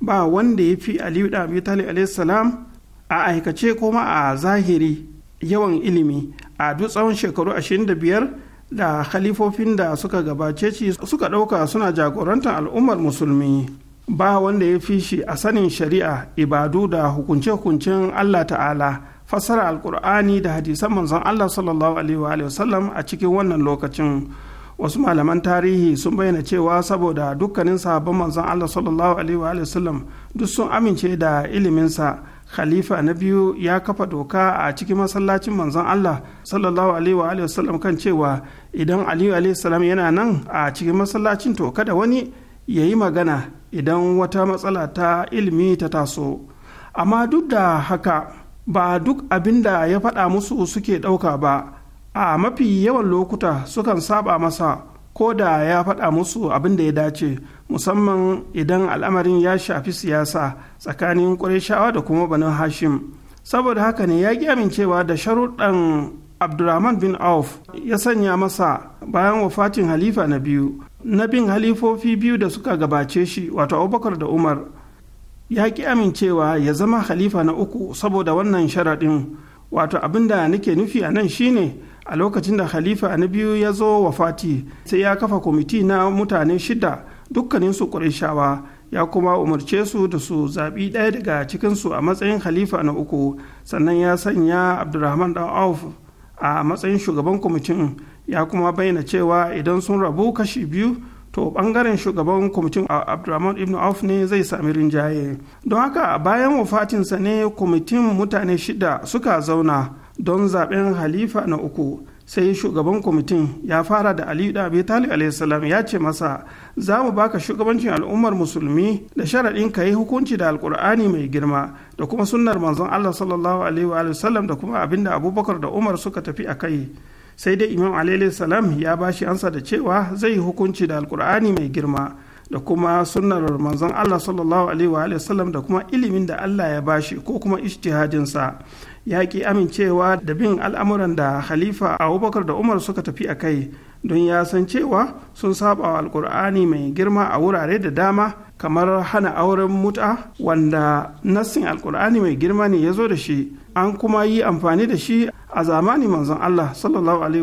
ba wanda ya fi Aliyu da Abi Talib alaihi salam a aikace kuma a zahiri yawan ilimi a duk tsawon shekaru 25 da khalifofin da suka gabace shi suka ɗauka suna jagorantar al'ummar musulmi ba wanda ya fi shi a sanin shari'a ibadu da hukunce-hukuncen allah ta'ala fassara alkur'ani da hadisan manzon allah sallallahu alaihi wasallam a cikin wannan lokacin wasu malaman tarihi sun bayyana cewa saboda dukkanin sabon manzon allah sallallahu alaihi wasallam duk sun amince da iliminsa khalifa na biyu ya kafa doka a cikin masallacin manzon Allah sallallahu alaihi wa wasallam kan cewa idan Aliyu alaihi salam yana nan a cikin masallacin to kada wani ya yi magana idan wata matsala ta ilimi ta taso amma duk da haka ba duk abin da ya faɗa musu suke ɗauka ba a mafi yawan lokuta sukan saba masa ko da ya faɗa musu abin da ya dace musamman idan al'amarin ya shafi siyasa tsakanin ƙureshawa da kuma banin hashim saboda haka ne ya ƙi amincewa da sharuɗan abdurrahman bin auf ya sanya masa bayan wafatin halifa na biyu na bin halifofi biyu da suka gabace shi wato abubakar da umar ya ƙi amincewa ya zama halifa na uku saboda wannan sharaɗin wato abin da nake nufi a nan shine a lokacin da khalifa na biyu ya zo wa fati sai ya kafa kwamiti na mutane shida dukkaninsu ƙurishawa ya kuma umarce su da su zaɓi ɗaya daga cikinsu a matsayin khalifa na uku sannan ya sanya abdulrahman dan auf a matsayin shugaban kwamitin ya kuma bayyana cewa idan sun rabu kashi biyu to bangaren shugaban kwamitin abdulrahman ibn auf ne zai sami rinjaye don haka bayan wafatinsa ne kwamitin mutane shida suka zauna don zaben halifa na uku sai shugaban kwamitin ya fara da aliyu da abi talib alaihissalam ya ce masa za mu baka shugabancin al'ummar musulmi da sharaɗin ka yi hukunci da alkur'ani mai girma da kuma sunnar manzon allah sallallahu alaihi wa sallam da kuma abin da abubakar da umar suka tafi a kai sai dai imam alaihi salam ya shi ansa da cewa zai yi hukunci da alkur'ani mai girma da kuma sunnar manzon Allah sallallahu alaihi wa sallam da kuma ilimin da Allah ya bashi ko kuma ijtihadinsa ya ki amincewa da bin al'amuran da khalifa abubakar da umar suka tafi a kai don ya san cewa sun saba wa alkur'ani mai girma a wurare da dama kamar hana auren mut'a wanda nassin alkur'ani mai girma ne ya zo da shi an kuma yi amfani da shi a zamani manzon allah sallallahu alaihi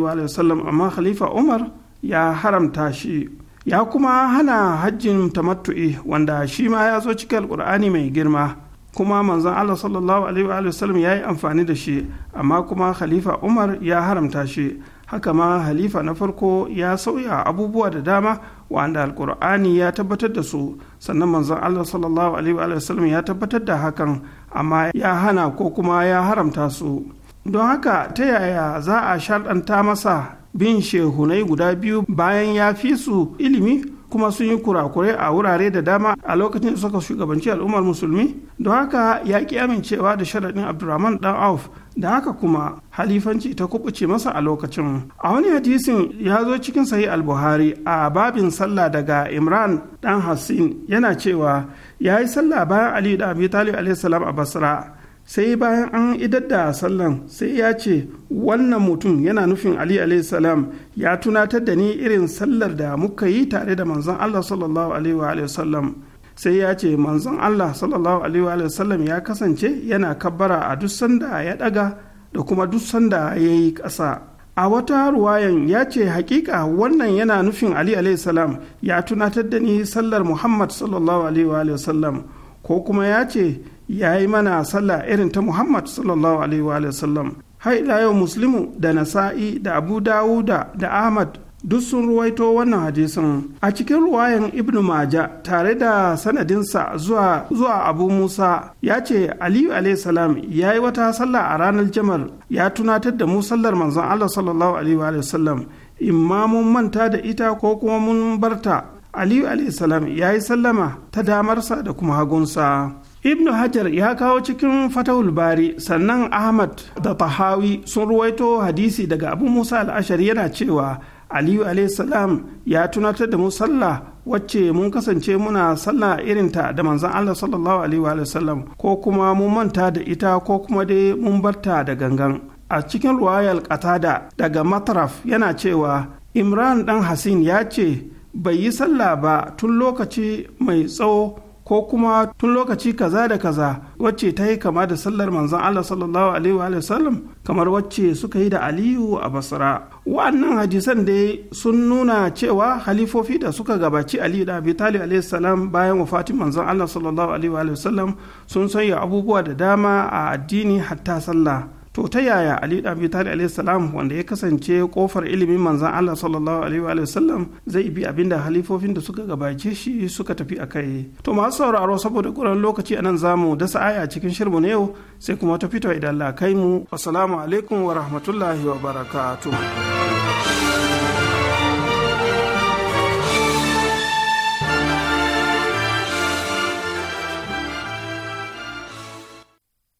wa amma khalifa umar ya haramta shi ya kuma hana hajjin tamattu'i wanda shi ma ya zo cikin alkur'ani mai girma kuma manzon Allah sallallahu alaihi wa ya yi amfani da shi amma kuma khalifa Umar ya haramta shi haka ma halifa na farko ya sauya abubuwa da dama wanda alkur'ani ya tabbatar da su sannan manzon Allah sallallahu alaihi wa ya tabbatar da hakan amma ya hana ko kuma ya haramta su don haka ta yaya za a sharɗanta masa bin shehunai guda biyu bayan ya fi su ilimi kuma sun yi kurakure a wurare da dama a lokacin da suka shugabanci al'ummar musulmi don haka ya ki amincewa da sharaɗin abdurrahman dan auf da haka kuma halifanci ta kubuce masa a lokacin a wani hadisin ya zo cikin sahih al-buhari a babin sallah daga imran dan hassin yana cewa ya yi sallah bayan aliyu da abi talib alaihi salam a basra sai bayan an idar da sallan sai ya ce wannan mutum yana nufin ali salam ya tunatar da ni irin sallar da muka yi tare da manzon allah sallallahu alaihi sallam. sai ya ce manzon allah sallallahu alaihi sallam ya kasance yana kabbara a duk sanda ya daga da kuma duk sanda ya yi ƙasa a wata ruwayan ya ce hakika wannan yana nufin ali salam ya tunatar da ni sallar muhammad sallallahu alaihi sallam ko kuma ya ce ya yi mana sallah irin ta muhammad sallallahu alaihi wa sallam har ila yau muslimu da nasa'i da abu dawuda da ahmad duk sun ruwaito wannan hadisin a cikin ruwayan ibnu maja tare da sanadinsa zuwa, zuwa abu musa ya ce aliyu salam ya yi wata sallah a ranar jamar ya tunatar da mu sallar manzon allah sallallahu alaihi wa sallam imma mun manta da ita ko kuma mun barta aliyu salam ya yi sallama ta damarsa da kuma hagunsa ibnu hajar ya kawo cikin fatahul bari sannan ahmad da tahawi sun ruwaito hadisi daga abu musa al'ashari yana cewa aliyu salam ya tunatar da mu sallah wacce mun kasance muna sallah irinta da manzon allah sallallahu alaihi wa sallam ko kuma mun manta da ita ko kuma dai mun barta da gangan a cikin ruwayar qatada daga matraf yana cewa imran dan hasin ya ce bai yi sallah ba tun lokaci mai tsawo ko kuma tun lokaci kaza da kaza wacce ta yi kama da sallar manzon Allah sallallahu alaihi wa sallam kamar wacce suka yi da Aliyu a Basra wa'annan hadisan dai sun nuna cewa halifofi da suka gabaci Aliyu da Abi Talib alaihi salam bayan wafatin manzon Allah sallallahu alaihi wa sallam sun sanya abubuwa da dama a addini hatta sallah to ta yaya ali abi talib alayhi salam wanda ya kasance kofar ilimin manzan Allah sallallahu alaihi wa sallam zai bi abinda halifofin da suka gabace shi suka tafi a kai to masu sauraro saboda kuran lokaci anan zamu dasa aya cikin shirmu na yau sai kuma ta fito idan Allah kai mu assalamu alaikum wa rahmatullahi wa barakatuh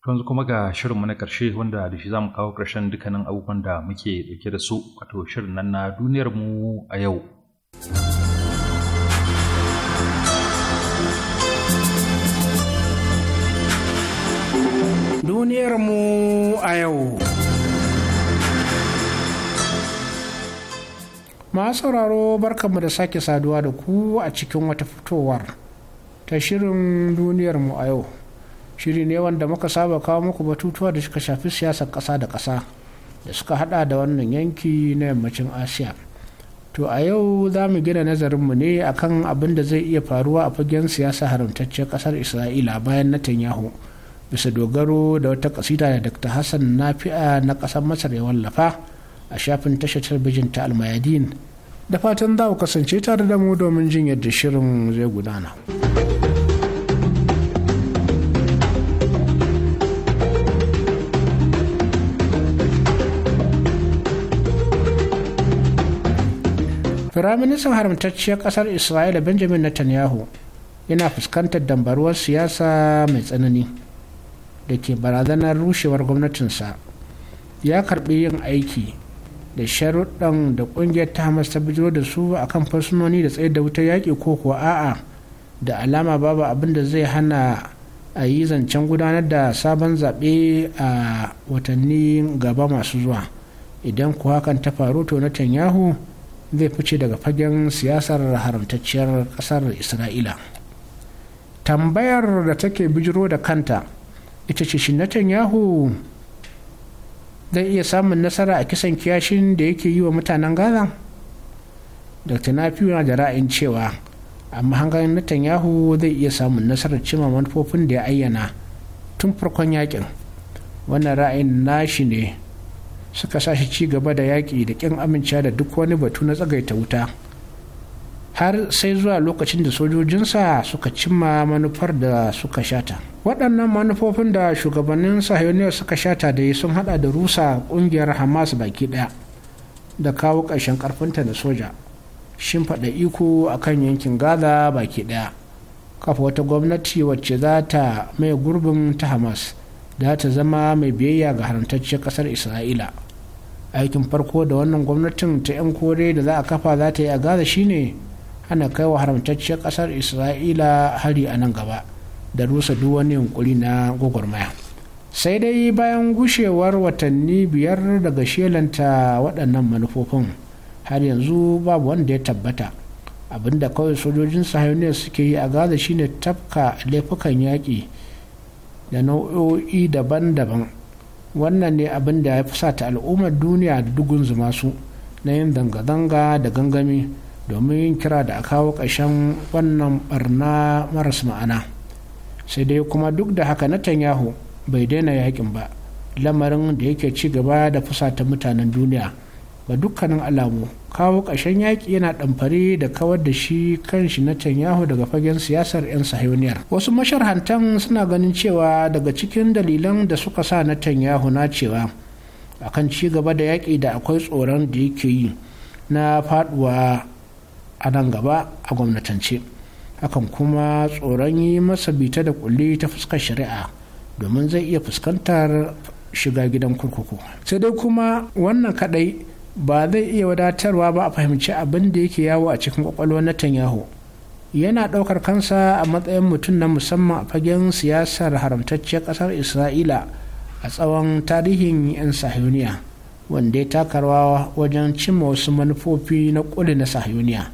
yanzu kuma ga shirinmu na ƙarshe wanda da shi za mu kawo ƙarshen dukkanin abubuwan da muke ɗauke da su wato shirin nan na duniyarmu a yau. Duniyarmu a yau. Masu sauraro barkanmu da sake saduwa da ku a cikin wata fitowar ta shirin duniyarmu a yau. shiri ne wanda muka saba kawo muku batutuwa da suka shafi siyasar ƙasa da ƙasa da suka hada da wannan yanki na yammacin asiya to a yau za mu gina nazarinmu ne akan abin da zai iya faruwa a fagen siyasa haramtacciyar ƙasar isra'ila bayan na netanyahu bisa dogaro da wata kasida da dr hassan nafi'a na ƙasar masar ya wallafa a shafin tashar talabijin ta almayadin da fatan za ku kasance tare da mu domin jin yadda shirin zai gudana. firaministan haramtacciyar kasar isra'ila benjamin netanyahu yana fuskantar dambaruwar siyasa mai tsanani da ke barazanar rushewar gwamnatinsa ya karbi yin aiki da sharuɗan da ƙungiyar ta hamas ta bijiro da su a kan fursunoni da tsaye da wutar yaƙi ko kuwa a'a da alama babu abin da zai hana a yi zancen gudanar da sabon zaɓe a watanni gaba masu zuwa idan kuwa kan ta faru to na Tanyahu. zai fice daga fagen siyasar haramtacciyar kasar isra'ila tambayar da take bijiro da kanta ita ce shin netanyahu zai iya samun nasara a kisan kiyashin da yake yi wa mutanen gaza dr nafiu na da ra'ayin cewa amma hangar netanyahu zai iya samun nasarar cimma manufofin da ya ayyana tun farkon yakin wannan ra'ayin nashi ne suka sashi ci gaba da yaƙi da ƙin amincewa da duk wani batu na tsagaita wuta har sai zuwa lokacin da sojojinsa suka cimma manufar da suka shata waɗannan manufofin da shugabannin sahiyoniyar suka shata da sun hada da rusa ƙungiyar hamas baki ɗaya da kawo ƙarshen ƙarfinta da soja shimfaɗa iko a kan yankin gaza baki ɗaya kafa wata gwamnati wacce za ta mai gurbin ta hamas da ta zama mai biyayya ga harantacciyar ƙasar isra'ila aikin farko da wannan gwamnatin ta 'yan kore da za a kafa za ta yi a gaza shine hana kai wa haramtacciyar kasar isra'ila hari a nan gaba da rusa duk wani yunkuri na gwagwarmaya sai dai bayan gushewar watanni biyar daga shelanta waɗannan manufofin har yanzu babu wanda ya tabbata abinda kawai sojojin sahiyoniya suke yi a gaza shine tafka laifukan yaƙi da nau'o'i daban-daban wannan ne abin da ya fusata al'ummar duniya da dugun zuma su na yin zanga-zanga da gangami domin yin kira da a kawo ƙarshen wannan barna maras ma'ana sai dai kuma duk da haka Netanyahu bai daina yakin ba lamarin da yake ci gaba da fusata mutanen duniya ga dukkanin alamu kawo ƙashen yaƙi yana ɗamfare da kawar da shi kan shi na Tanyahu daga fagen siyasar 'yan sahiyoniyar. Wasu masharhantan suna ganin cewa daga cikin dalilan da suka sa na Tanyahu na cewa akan ci gaba da yaƙi da akwai tsoron da yake yi na faɗuwa a nan gaba a gwamnatance. Hakan kuma tsoron yi masa bita da kulli ta fuskar shari'a domin zai iya fuskantar shiga gidan kurkuku. Sai dai kuma wannan kaɗai ba zai iya wadatarwa ba a fahimci abin da yake yawo a cikin kwakwalwar Netanyahu. Yana ɗaukar kansa a matsayin mutum na musamman a fagen siyasar haramtacciyar ƙasar Isra'ila a tsawon tarihin 'yan sahiyuniya wanda ya takarwa wajen cimma wasu manufofi na ƙuli na sahiyuniya.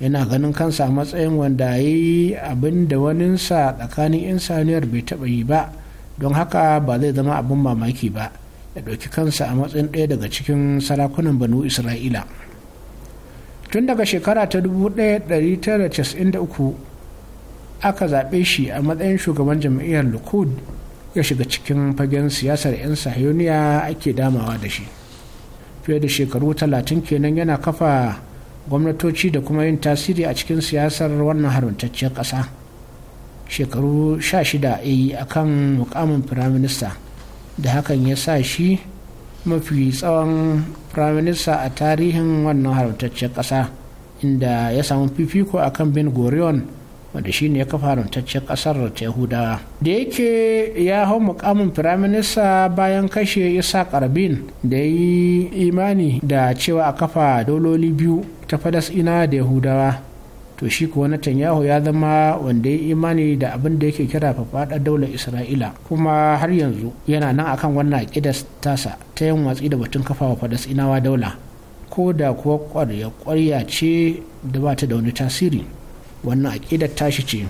Yana ganin kansa a matsayin wanda ya yi abin da waninsa tsakanin 'yan sahiyuniyar bai taɓa yi ba, don haka ba zai zama abin mamaki ba. ya ɗauki kansa a matsayin ɗaya daga cikin sarakunan banu isra'ila tun daga shekara ta 1993 aka zaɓe shi a matsayin shugaban jam'iyyar likud ya shiga cikin fagen siyasar 'yan sahiyoniya ake damawa da shi fiye da shekaru 30 kenan yana kafa gwamnatoci da kuma yin tasiri a cikin siyasar wannan haramtacciyar ƙasa shekaru 16 a yi a kan mukamin firaminista da hakan ya sa shi mafi tsawon firaminista a tarihin wannan haramtaccen ƙasa inda ya samu fifiko a kan bin gorion wanda shi ne ya kafa haramtaccen ƙasar ta yahudawa da yake ya hau mukamin firaminista bayan kashe isa karbin da ya yi imani da cewa a kafa dauloli biyu ta fadas ina da yahudawa to shi kuwa Netanyahu ya zama wanda ya imani da abin da yake kira fafaɗar daular Isra'ila kuma har yanzu yana nan akan wannan aƙidar tasa ta yin watsi da batun kafawa tsinawa daula ko da kuwa ƙwarya ƙwarya ce da ba ta da wani tasiri wannan aƙidar tashi ce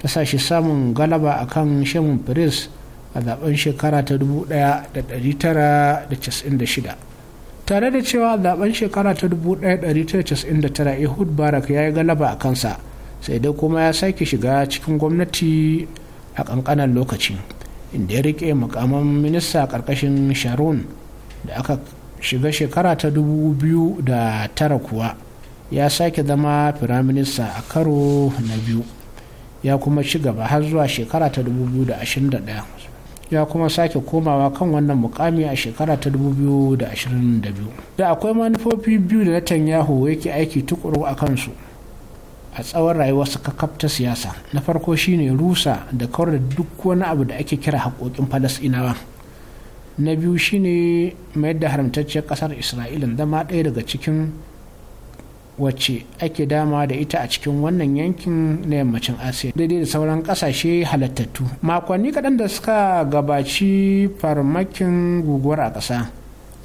ta sa shi samun galaba akan Shemun Firis a zaben shekara ta 1996 tare da cewa zaben shekara ta 1999 ehud barak ya yi galaba a kansa sai dai kuma ya sake shiga cikin gwamnati a kankanan lokaci inda ya rike mukamin minista a karkashin sharon da aka shiga shekara ta 2009 kuwa ya sake zama firaminista a karo na biyu ya kuma ci gaba har zuwa shekara ta 2021 ya kuma sake komawa kan wannan mukami a shekara ta 2022 da akwai manufofi biyu da netanyahu yake aiki tukuru a kansu a tsawon rayuwarsa kakaf ta siyasa na farko shine rusa da kawar da duk wani abu da ake kira haƙoƙin falasɗinawa na biyu shine mayar da haramtacciyar ƙasar isra'ila zama ɗaya daga cikin wacce ake dama da ita a cikin wannan yankin na yammacin asiya daidai da sauran kasashe halattattu makonni kaɗan da suka gabaci farmakin guguwar a ƙasa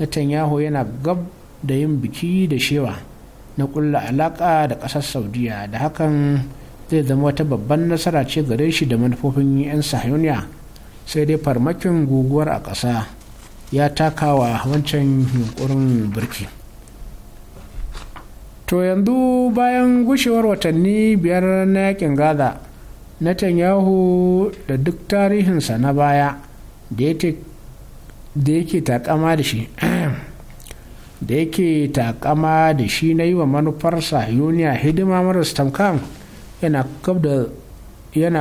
netanyahu yana gab da yin biki da shewa na ƙulla alaƙa da ƙasar saudiya da hakan zai zama wata babban nasara ce gare shi da manufofin 'yan sahiyoniya sai dai farmakin guguwar a ƙasa ya takawa wancan yunkurin birki. to yanzu bayan gushewar watanni biyar na yakin gaza netanyahu da duk tarihinsa na baya da yake takama da shi da yake takama da shi na yi wa manufarsa yuniya hidima maras tamkam yana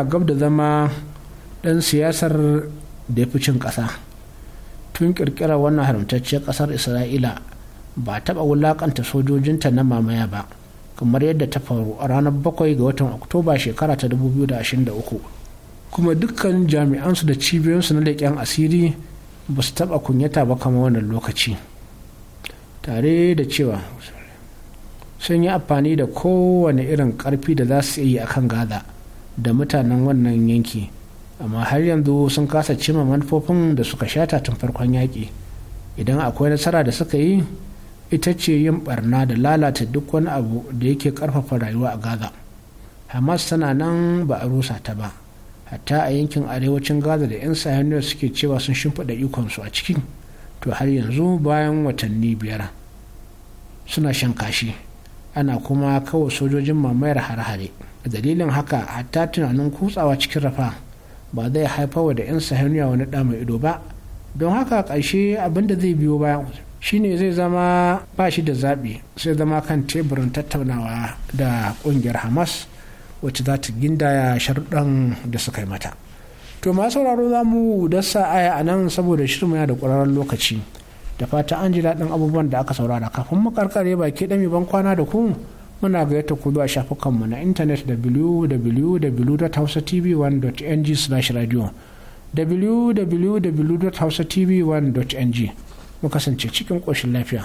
gab da zama ɗan siyasar da ya fi cin ƙasa tun ƙirƙirar wannan haramtacciyar ƙasar isra'ila ba a taɓa wulaƙanta sojojinta na mamaya ba kamar yadda ta faru a ranar 7 ga watan oktoba shekara ta 2023 kuma dukkan jami'ansu da cibiyoyinsu na leƙen asiri ba su taɓa kunyata ba kamar wannan lokaci tare da cewa sun yi amfani da kowane irin ƙarfi da za su yi akan gaza da mutanen wannan yanki amma har yanzu sun kasa cima manufofin da suka shata tun farkon yaƙi idan akwai nasara da suka yi ita ce yin barna da lalata duk wani abu da yake karfafa rayuwa a gaza hamas tana nan ba a rusa ta ba hatta a yankin arewacin gaza da 'yan sahaniyar suke cewa sun shimfiɗa ikonsu a ciki to har yanzu bayan watanni biyar suna shan kashi ana kuma kawai sojojin mamayar hare-hare dalilin haka hatta tunanin kutsawa cikin rafa ba zai haifawa da 'yan sahaniya wani ido ba don haka ƙarshe abin da zai biyo bayan shine zai zama ba shi da zaɓi sai zama kan teburin tattaunawa da ƙungiyar hamas wacce za ta gindaya sharuɗan da suka yi mata to ma sauraro za mu dasa aya a nan saboda shirin yana da ƙwararren lokaci da fata an ji daɗin abubuwan da aka saurara kafin mu karkare baki ɗami ban kwana da ku muna gayyata ku zuwa shafukanmu na intanet www.hausatv1.ng/radio www.hausatv1.ng mu kasance cikin ƙoshin lafiya.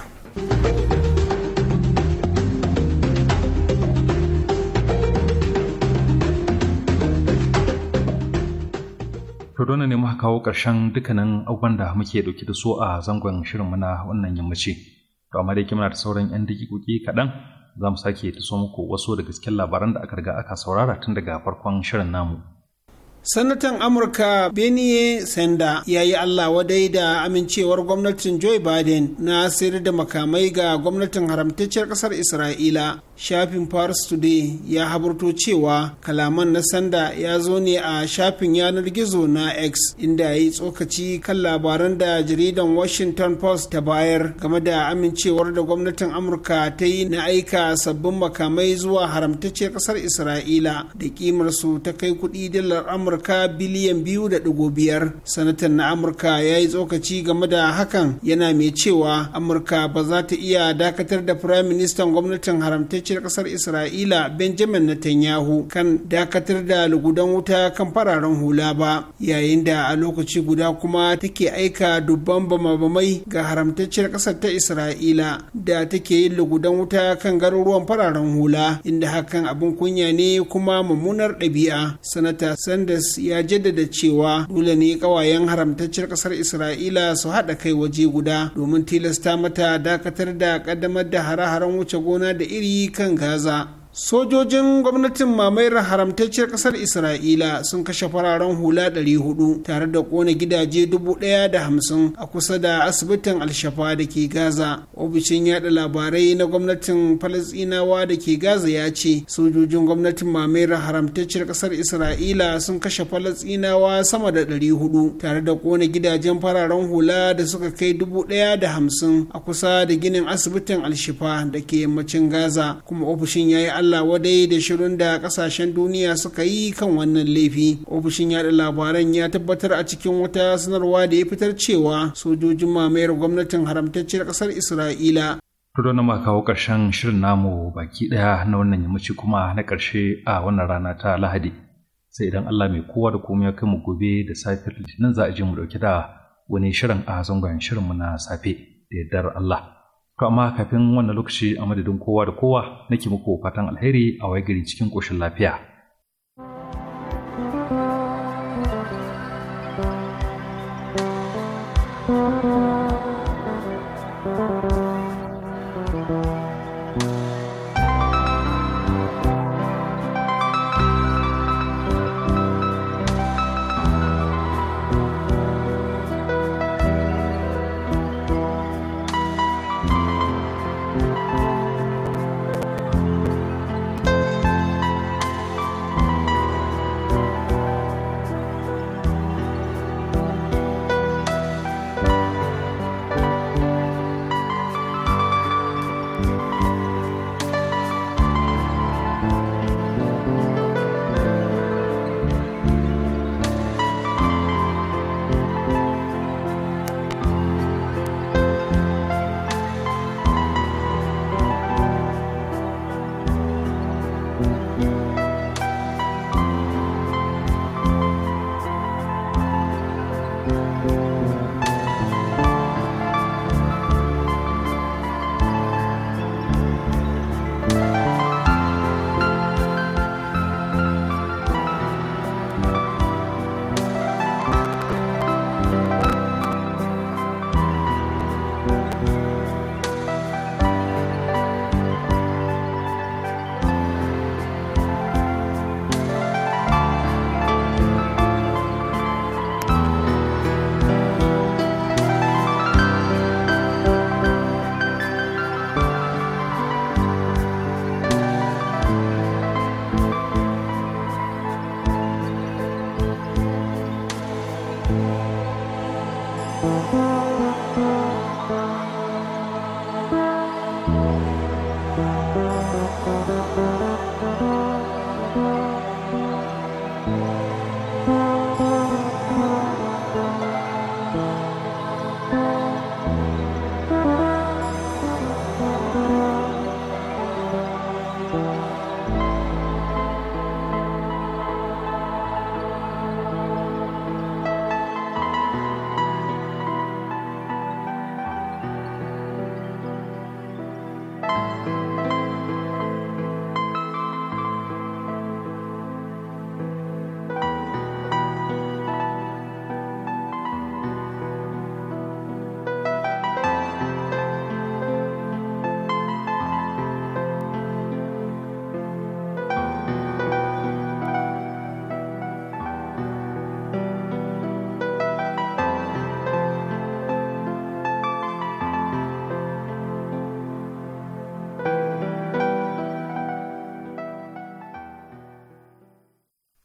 dole ne muka kawo ƙarshen dukkanin abubuwan da muke ɗauki da su a zangon shirin na wannan yammaci. To amma dai muna da sauran 'yan dakikoki kaɗan za mu sake ta so muku wasu daga cikin labaran da aka riga aka saurara tun daga farkon shirin namu. sanatan amurka bennie senda ya yi allah wadai da amincewar gwamnatin joe biden na sayar da makamai ga gwamnatin haramtacciyar kasar isra'ila shafin paris today ya haburto cewa kalaman na sanda ya zo ne a shafin yanar gizo na x inda ya yi tsokaci kan labaran da jaridan washington post ta bayar game da amincewar da gwamnatin amurka ta yi na aika sabbin makamai zuwa haramtacciyar kasar isra'ila da kimarsu ta kai kudi dalar amurka amurka biliyan biyu da ɗigo biyar sanatan na amurka ya yi tsokaci game da hakan yana mai cewa amurka ba za ta iya dakatar da firayim ministan gwamnatin haramtacciyar ƙasar isra'ila benjamin netanyahu kan dakatar da lugudan wuta kan fararen hula ba yayin da a lokaci guda kuma take aika dubban bama-bamai ga haramtacciyar ƙasar ta isra'ila da take yin lugudan wuta kan garuruwan fararen hula inda hakan abin kunya ne kuma mummunar ɗabi'a sanata sanders Guterres ya jaddada cewa dole ne kawayen haramtaccen ƙasar Isra'ila su haɗa kai waje guda domin tilasta mata dakatar da ƙaddamar da hare-haren wuce gona da iri kan Gaza. sojojin gwamnatin mamayar haramtacciyar kasar isra'ila sun kashe fararen hula 400 tare da kone gidaje 1,050 a kusa da asibitin alshafa da ke gaza ofishin yada labarai na gwamnatin falasinawa da ke gaza ya ce sojojin gwamnatin mamayar haramtacciyar kasar isra'ila sun kashe falasinawa sama da 400 tare da kone gidajen fararen hula da suka kai 1,050 a kusa da ginin asibitin alshifa da ke yammacin gaza kuma ofishin ya yi Allah wadai da shirin da kasashen duniya suka yi kan wannan laifi. Ofishin yada labaran ya tabbatar a cikin wata sanarwa da ya fitar cewa sojojin mamayar gwamnatin haramtacciyar kasar Isra'ila. Rudo na ma kawo ƙarshen shirin namu baki ɗaya na wannan yammaci kuma na karshe a wannan rana ta Lahadi. Sai idan Allah mai kowa da komai ya kai mu gobe da safe litinin za a je mu ɗauki da wani shirin a zangon mu na safe da yardar Allah. To amma kafin wannan lokaci a madadin kowa da kowa nake muku fatan alheri a waigari cikin ƙoshin lafiya.